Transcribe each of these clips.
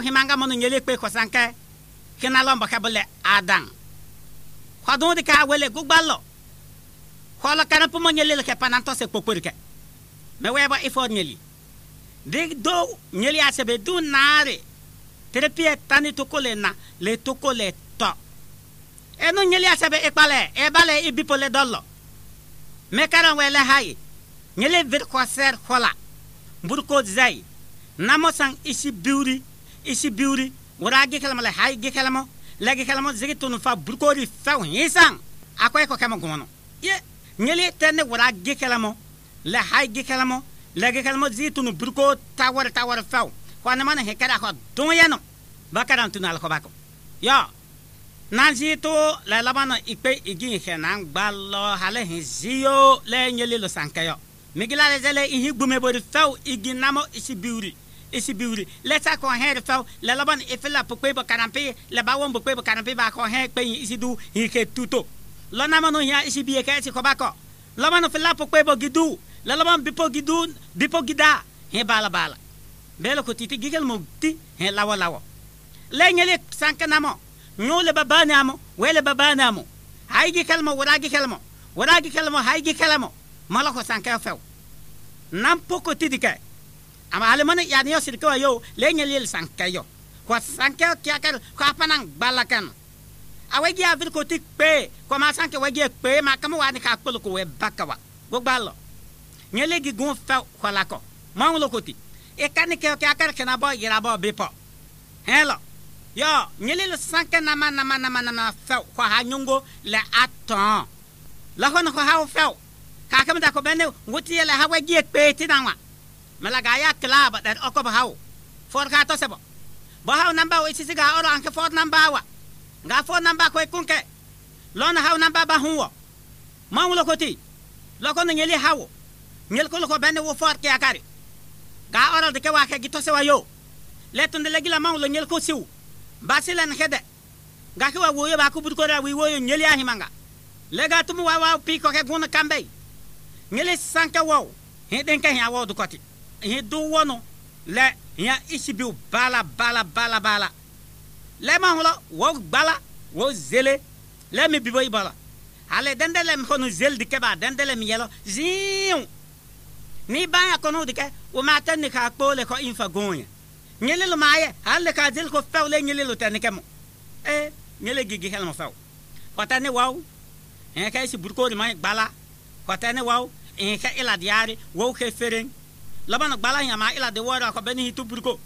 na himanga monu nyele kpe khosanke khina lomba khabule adang khodun de ka wele gugbalo khola kana pumo nyele le khapana to se pokurke me weba ifo nyeli de do nyeli asebe du nare terapie tani tokole na le tokole to enu nyeli asebe ikpale ebale ibipole dollo me karan wele hayi nyele vir khoser khola burko zai namosang isi biuri isi biwri wara gekelama la hai gekelamo la gekelamo zigi tunu fa burkori fɛw hisan a ko e ko kɛmɛ gɔmɔnɔ ye nyeli tɛ ne wara gekelamo la hai gekelamo la gekelamo zigi tunu burko tawari tawari fɛw ko ne mana hekara ko donyano bakaran tunu alkobako yo nan zi to la labana ikpe igi hɛ nan gbalɔ hale hin zi yo la nyeli lo sankɛyɔ migila le zɛlɛ ihi gbumebori fɛw igi namɔ isi biwri isi biwuri lɛta kɔn hɛn de fɛw lɛ lɔbɔn ifila pokpe bɔ kanampe lɛ ba wɔn pokpe bɔ kanampe ba kɔn hɛn kpɛyin isi du hike tuto lɔnamɔnu hiã isi biye kɛ esi kɔba kɔ lɔbɔn fila pokpe bɔ gidu lɛ lɔbɔn bipo gidu bipo gida hɛn baala baala bɛɛlɛ ko titi gigɛl mo ti hɛn lawɔ lawɔ lɛ nyɛlɛ sankanamɔ nyɔɔ lɛ ba baanamɔ wɛ lɛ ba baanamɔ hayi gikɛl mo wura gikɛl mo wura gikɛl mo hayi gikɛl mo mɔlɔ sankɛ fɛw nan poko titi kɛ ama alemani ya niyo kwa yo lenyel yel sankayo kwa sankayo kya kar kwa panang balakan awegi avir ko tik pe ko ma sanke wegi pe ma kamu wa ni ka kpolo ko we bakawa gogbalo nyele gi gun fa kwala ko ma ngulo ko ti e kan ke kya kar kena ba yira ba bipo, hello yo nyele le sanke na ma na ma na ma na fa kwa ha nyungo le aton la hon ko ha fa ka kamda ko bene nguti le ha wegi pe ti na wa malaga ya kilaba ɗen oko ba haw fot ka to sebo bo haw namba o isisiga oro anke fot namba wa nga fot namba koye kunke lona haw namba ba hunwo mawulo koti loko no ñeli hawo ñel ko loko bende wo fot ke akari ga oro de ke wa ke gito sewa yo letonde legila mawulo ñel ko siw basilen hede ga ke wa woyo ba kubut ko ra wi woyo ñeli ahi manga lega tumu wa wa pi ko ke gun kambe ñeli sanka wow heden ke ha wo du koti hi du wonu le hia isibiu bala bala bala bala le ma hulo wo gbala wo zele le mi bibo ibala ale dende le mi konu zel dike ba dende le mi yelo ziu ni ba ya konu dike wo ma tan ni ka kpo le ko infa gonya nyele lo ma ye ale ka zel ko fe le nyele lo tan ke mo e nyele gigi hel mo fa kota ne wau en ka isi burko ni ma gbala kota ne wau en ka ila diari wo ke lɔbɔnɔ gbala yama ila de wɔɔrɔ akɔ bɛni hitu buruko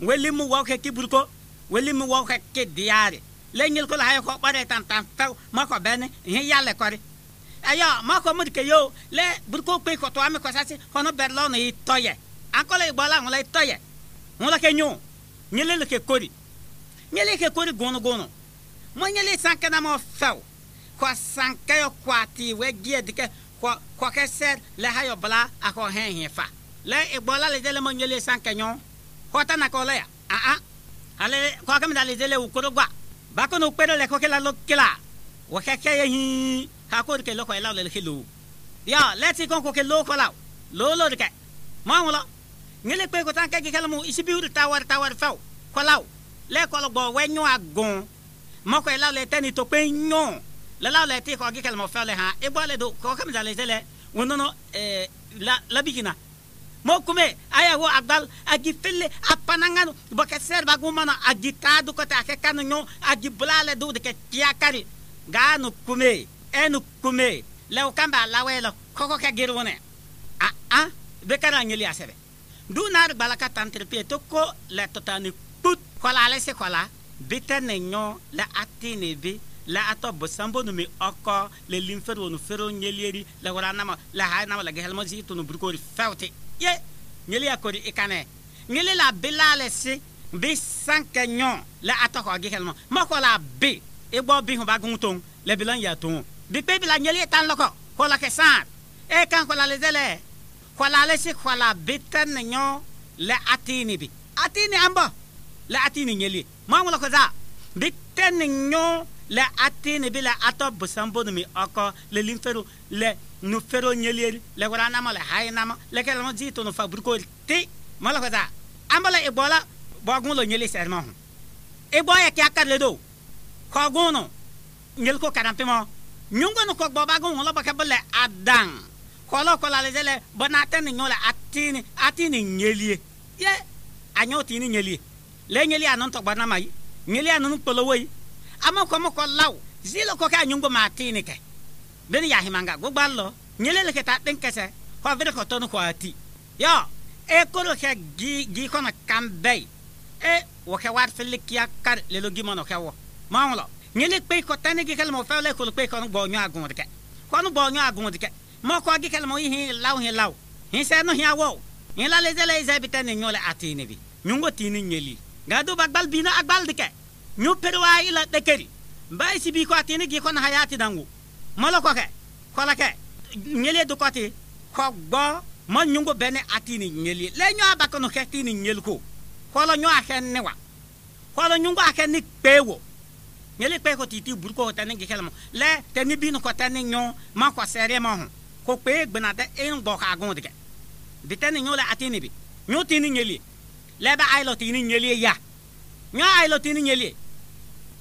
weli mu wɔkɛ ki buruko weli mu wɔkɛ ki diyaari lenyil ko lahayi kɔ kpɔre tan tan tɛw mɔkɔ bɛni ihi yalɛ kɔri ayɔ mɔkɔ mu dike yo lɛ buruko kpe kɔtɔ ami kɔsasi kɔnɔ bɛri lɔnu yi tɔyɛ akɔlɛ igbɔla ŋun la yi tɔyɛ ŋun la ke nyo nyele le ke kori nyele ke kori gɔnu gɔnu mo nyele sankɛ na mo fɛw kɔ sankɛ yɔ kɔ ati wɛ diɛ dike kɔ kɔkɛ lɛ hayɔ bala akɔ hɛn hɛn fa le e gbɔla le de le me nye le san kenyɔ xɔta na kɔ le ya aa ah, ah. ale kɔ kemi da le de le wò koro gba bako no kpe ɖe le kɔkɛ la lo kela wò xɛxɛ ye hii hako ɖeke lo xɔ ye la le xe lo yɔ lɛti kɔn ko ke lo xɔ la o lo lo ɖeke mɔŋu nyele kpe ko tan kɛgi kɛlɛ mu tawari tawari fɛw kɔ la o lɛ kɔlɔ gbɔ wɛ nyɔ agɔn mɔkɔ e la le tɛni mokume ayawo agbal agi fille apanangano boke serba gumano agi kadu kote ake kanu nyo agi bulale du deke kiakari ga nu kume enu kume lew kamba lawelo koko ke girune a a bekara ngeli asebe du nar balaka tantre pie to ko le totani put kola le se kola bitene nyo le atine bi la atɔ bosambo nu mi ɔkɔ le limfero nu fero nyelieri le wora nama le ha nama le gehelmo zi tunu burukori fɛwti ye nyeli akori kodi ikane nyeli la bila le si bi sanke nyon le atoko gi mo mako la bi e bi ba gun ton le bilan ya ton bi pe bila nyeli tan loko ko la ke san e kan ko la le dele ko la le si ko la bi tan nyon le atini bi atini ambo le atini nyeli ma ngula ko za bi tan nyon le atini bi la ato busambo mi oko le limferu le no feronyelieli lekora nama le hayi nama lekele mo dii to no fabriko ti mo kota ambala igbo la bogun lo nyeli sɛri mo ho igbo yɛ kia kari le do kɔgun no nyeli ko karampi mo nyungo no kɔgbɔ bagun wɔn lɔbɔ kɛ bo le adan kɔlɔ kɔlɔ ale zɛlɛ bɔ na ate ne nyɔ le ye anyɔ ti nyeli nyelie le nyelie anu tɔgbɔ nama nyeli nyelie anu kpolo wo yi amakɔmɔkɔ lawo zi le kɔ kɛ anyungo ma ati ne beni yahimanga gbogbalo nyelele ke ta ɗin kese ho vede ko tonu hoati yo e koro ke gi gi kono kambei e woke wat fili kia kar lelo gimono ke wo mawlo nyele kpe ko tani gi kelmo fele ko kpe kono bonyo agun dike kono bonyo agun dike mo ko gi kelmo hi law hi law hi se no hi awo hi la le zele ze bitani nyole atini bi nyungo tini nyeli gadu bagbal bina agbal dike nyu perwa ila dekeri mbai sibi ko atini gi kono hayati dangu malokɔkɛ kɔlɔkɛ nyeli dukɔti kɔgbɔ ma nyungo bɛni ati ni nyeli le nyɔ abakɔnɔ kɛ ti ni nyeli ko kɔlɔ nyɔ akɛ ne wa kɔlɔ nyungo akɛ ni kpee wo nyeli kpee ko titi buru ko tɛ ni gikɛlɛ mo lɛ tɛ ni binu kɔ tɛ ni nyɔ ma kɔ sɛri ma hɔn ko kpee gbina tɛ e gbɔ k'a gɔn tigɛ bi tɛ ni nyɔ la ati ni bi nyɔ ti ni nyeli lɛ bɛ ayilɔ ti ni nyeli ya nyɔ ayilɔ ti ni nyeli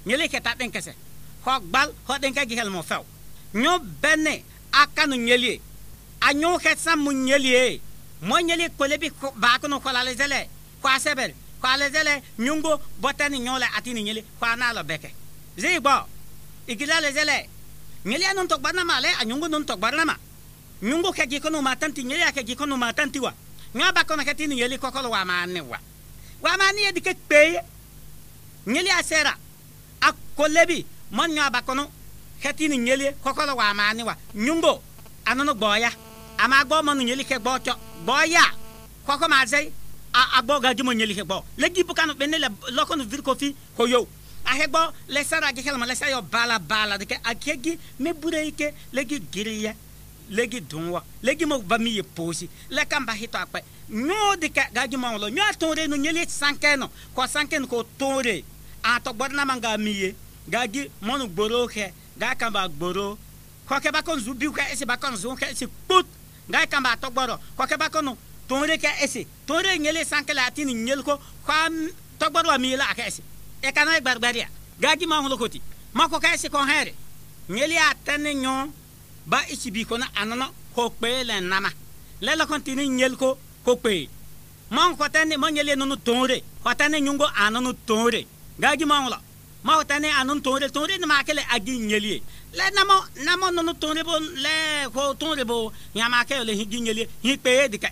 nyeli kɛ ta den kɛsɛ kɔ gbal kɔ den kɛ gikɛlɛ mo fɛw nyo bene nyeli, a anyo hetsa mu nyelie mo nyelie kolebi ba kuno kolale zele kwa sebel kwa lezele nyungo botani nyole atini nyele kwa nalo beke zibo igila lezele nyele anun tokbarna a anyungo nun tokbarna nama, nyungo ke gikono matanti nyele ake gikono matanti wa ngaba kono ketini nyele kokolo wa mane wa wa mane edike pe nyele asera akolebi mon ngaba kono xɛti ni nyeli kɔkɔlɔ wa maa ni wa nyungo anunu gbɔɔya ama gbɔ mɔnu nyeli kɛ gbɔ tsɔ gbɔɔya kɔkɔ ma zɛ a gbɔ gadzimo nyeli kɛ gbɔ le gibu kanu ne le lɔkɔnu viri kofi koyo a gbɔ le sara adi xɛlɛma le sa yɔ baala baala de kɛ ake gi me bu yi ke le giri yɛ le dun wɔ le gi mo va mi ye poosi le kan ba hitɔ akpɛ nyɔɔ de kɛ gadzimo wɔlɔ nyɔɔ tɔn de nu nyeli sankɛ nɔ kɔ sankɛ nu ko tɔn de atɔ gbɔdana man mi ye gagi mɔnu gboro kɛ ngai e kamba gboro koke bako nzu biu ke ese bako nzu ke ese kput ngai kamba togboro koke bako no tonre ke ese tonre ngele sankela atini ngel ko kwa togboro amila ke ese e kana e barbaria gagi ma hulo koti ma ko ke ese kon here ngele atene nyo ba ichi bi kona anana ko pele nama lela kontini ngel ko ko pe ma ko tane ma ngele no tonre ko tane nyungo anano tonre gagi ma hulo ma utane anun tonre tonre na makele agi nyelie le namo namo nunu tonre bo le ko tonre bo ya makele le higi nyelie hi pe dika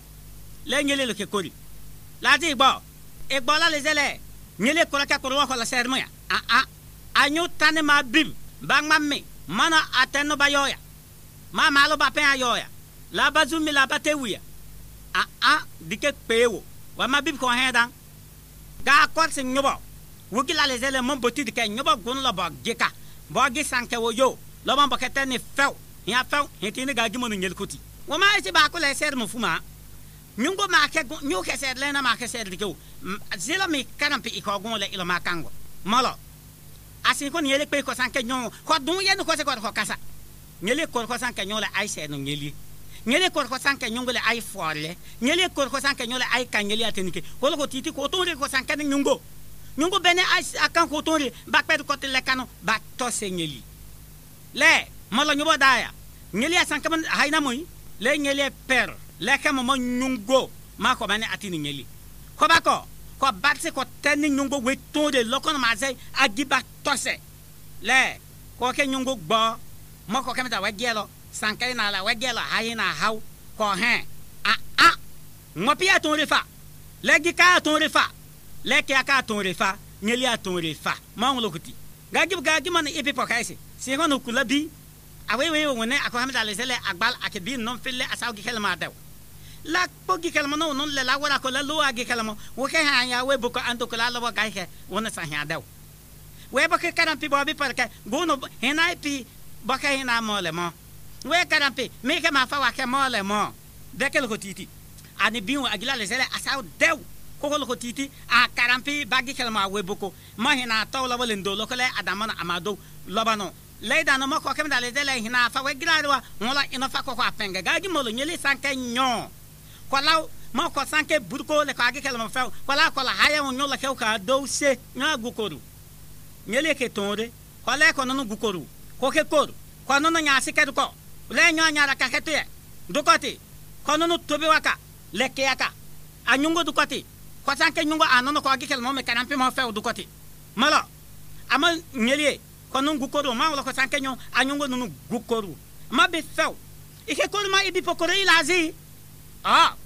le nyelie le ke kori la di gbo e gbo la le zele nyelie kola ka kola kola sermo ya a a anyu tane ma bim bang mamme mana ateno ba yoya ma malo ba pe ayoya la bazumi la batewia a a dike pewo wa ma bib ko hedan ga kwarsin nyobo wugila le zele mon boti dike nyoba gun lo bog jika bogi sanke wo yo lo mon bokete ni few ya tini hitini gagi monu nyel kuti wo ma isi e ba ko le ser mu fuma nyungo ma ke nyu ke ser le na ma ke ser dike zelo mi kanam pi iko gun le ilo ma kango molo asin ko nyele pe ko sanke nyon ko dun ye no ko se ko kasa nyele ko ko la nyon le ai ser no nyeli nyele kor ko sanke nyungo le ai fole nyele kor ko sanke nyole ai kanyeli atenike ko ko titi ko to re ko sanke mingu bene akan kotonri ba kpedu kote le kanu ba tose ngeli le molo nyobo daya ngeli asan kaman haina moyi le ngeli per le kama mo nyungo ma ko bane atini ngeli ko ba ko ko batse ko teni nyungo we tonde lokon maze agiba tose le ko ke nyungo gbo mo ko kemta wa gelo sankari na la wa gelo haina hau ko he a ah, a ah. ngopia tonri fa legi ka tonri fa leke aka tore fa nyeli atore fa ma wolo kuti gagib gagib man ipi pokaisi si hono kula bi awe we wone ako hamda le sele agbal akebi non fille asaw gi kelma daw la po gi kelma no non le la wala ko la lo agi kelma wo ke ha ya we buko ando kula lo ga ke wona sa ha daw we ba ke karam pi bobi parka gono hena pi ba ke hena mole mo we karam pi me ke ma fa wa ke mole mo dekel ko titi ani biwo agila le sele asaw dew kokol ko titi a karampi bagi kelma we boko ma hina taw la walen do lokole adamana amado lobano leida no mako kem da ledele hina fa we grarwa ngola ino fa ko ko apenga gagi molo nyeli sanke nyo kola ma ko sanke burko le ko agi kelma fa kola kola haya onyo la ke ka do se nya gukoru nyeli ke tonde kola ko no gukoru ko ke koru ko no nya asike ko le nyo nya ra ka ke te dukoti ko no tobe waka le ke aka anyungo dukoti kotanke nyungo anono ko agi kelmo me kanampi mo fe udukoti malo ama ngelie ko nun gukoru ma wala kotanke nyon anyungo nunu gukoru ma be fe ike koru ma ibi pokore ilazi ah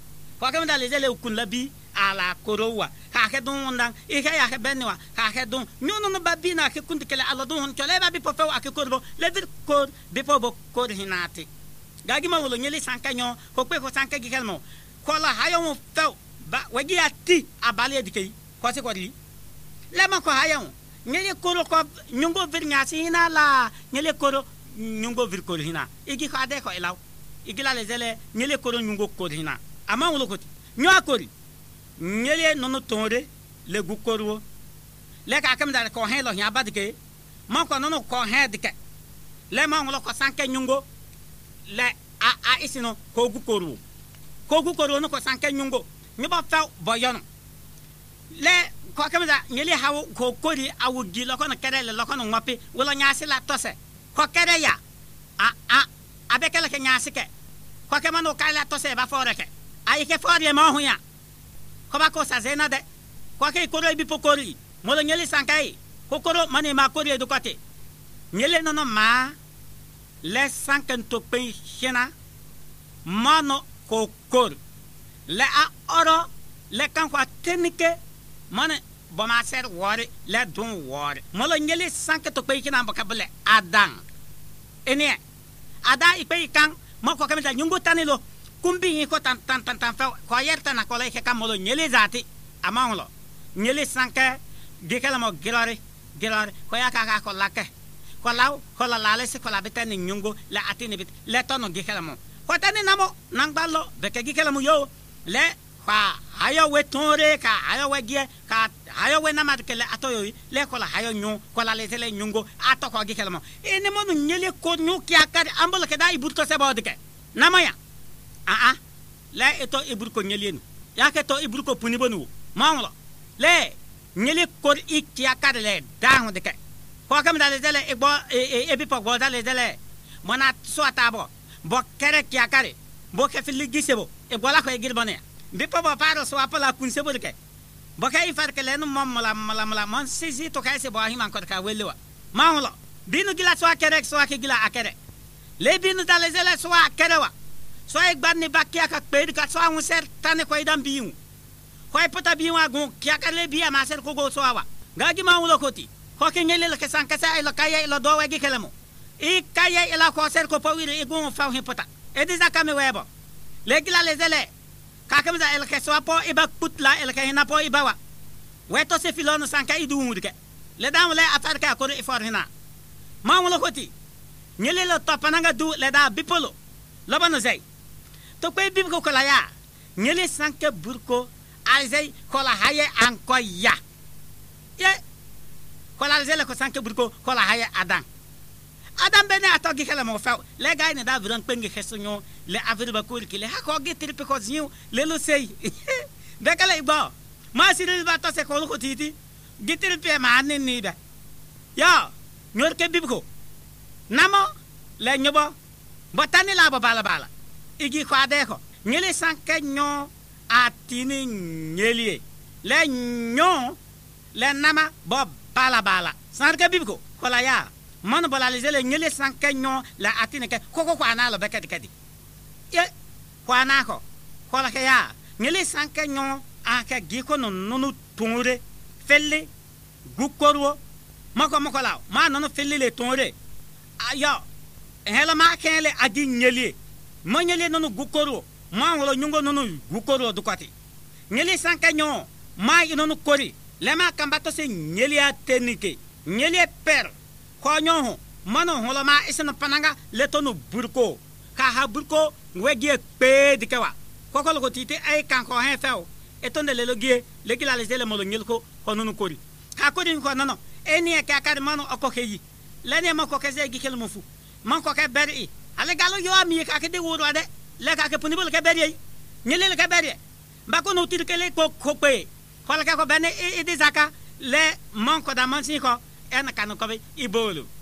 ko ka mda lezele ukun labi ala korowa ka ke dun wanda ike ya ke benwa ka ke dun nyono no babi na ke kundi kele ala dun hon chole babi po fe wa ke korbo ledir kor be po bo kor hinati gagi ma wala ngeli sanka nyon ko pe ko sanka gi kelmo kola hayo mo fe ba wajiya ti a baliya kwasi kwasi kwadli lama ko hayan ngele koro ko nyungo vir ngasi hina la ngele koro nyungo vir koro hina igi ko ade ko elaw igi la lezele ngele koro nyungo hina ama wulo ko nono tonre le gu koro le ka kam da ko hen lo hin abadike ma ko nono ko hen dike le ma wulo ko sanke nyungo le a a isino ko gu koro ko gu koro ko sanke nyɛba fɛw bɔyɔnɔ lɛ kɔkɛmɛ da nyɛli hawo ko kori awo gi lɔkɔnɔ kɛrɛ lɛ lɔkɔnɔ ŋɔpi wolo nyaasi la tɔsɛ kɔkɛrɛ ya a a a bɛ kɛlɛ kɛ nyaasi kɛ kɔkɛmɛ n'o kari la tɔsɛ ba fɔɔrɛ kɛ a yi kɛ fɔɔrɛ yɛ mɔɔ hun ya kɔba ko sazɛn na dɛ kɔkɛ koro bi po kori molo nyɛli sanka ye ko koro mɔni ma kori edu kɔte nyɛli nɔnɔ maa lɛ sankɛntokpɛn hyɛna mɔnɔ ko le a ɔrɔ le kanfa tenike mane bomaser wɔɔre le dun wɔɔre molo nyeli sanke to kpei kinan boka bele adan enie ada ikpei kan mo ko kamita nyungu tani lo kumbi yi ko tan tan tan tan fe ko yer tan ko le ka molo nyeli zati amang lo nyeli sanke gikela mo gilori gilori ko ya ka ka ko lake ko law ko la lale se ko la bitani nyungu le atini bit le tono gikela mo ko tani namo nangbalo beke gikela mo yo le kwa hayowe tonre ka hayowe gie ka hayowe namadu kele atoyoyi le kola hayo nyu kola letele nyungo ato ko gi kelmo ene monu nyele ko nyu kya kar ambol ke da ibut ko sebo de ke namaya a a le eto ibut ko nyele nu ya ke to ibut ko puni bonu manglo le nyele ko ik kya kar le da de ke ko kam da letele igbo e, e, e, ebi pokbo da letele mona so atabo bo kere kya kare boke fili gisebo e gola ko e gil bi bippo bo paro so apala kun sebol ke boke i far kele no mom mala mala mala mon sisi to kai sebo ahi man ko ka welwa ma holo binu gila so akere so ake gila akere le binu dale zele so akere wa so e gbanni bakki aka peedi ka so awun ser tane ko idan biyu ko e pota biyu agun ki aka le biya ma ser ko go so awa gagi ma holo koti ko ke ngele le ke sankasa e lo kaya e lo do wa gi kelemo i kaya e la ko ser ko pawire e gun fa hin pota edisa kame webo legila lezele kakemza elke soa po iba kutla elke hina po iba wa weto se filono sanka idu wudike le dam le atar ka kodo ifor hina ma wolo koti nyele lo topananga du le da bipolo lobano zai to kwe bibko kola ya nyele sanke burko azai kola haye anko ya ye kola zele ko sanke burko kola haye adan adam bene ato gi kala mo fa le ga ne da viran penge khesnyo le avir ba kul ki le ha ko gi tri pe ko le lo sei de kala ibo ma siril ba to se ko ko titi gi tri pe ma ne ni da yo nyor ke bibko namo le nyobo botani la ba bala bala igi e ko ade ko nyele sanke nyo atini nyelie le nyo le nama bo bala bala sanke bibko kola ya man bala le zele nyele san kenyo la atine ke koko kwa na lo beke de kedi ye kwa na ko kwa la ke nyele san kenyo a ke gi ko no no no tunre felle gukorwo mako mako la ma no no felle le tunre ayo hela ma kele adi nyele ma nyele no no gukorwo ma wolo nyungo no no gukorwo nyele san kenyo ma ino no kori lema kambato se nyele a tenike nyele per konyo ho mano ho lama isin pananga leto no burko ka ha burko wegie pe dikewa kokol ko titi ay kan ko he feo eton de lelo gie le gila le zele molo ngilko honunu kori ka ko din ko nano eni e ka ka mano oko heyi leni e ma ko keze e gi kelmo fu man ko ka beri ale galo yo ami ka ke de woro ade le ka ke punibol ke beri e nyele le ke beri ba ko no tir kele ko ko pe ko le ka ko bene e de zaka le man ko da man sin ko é na cano come e bolo.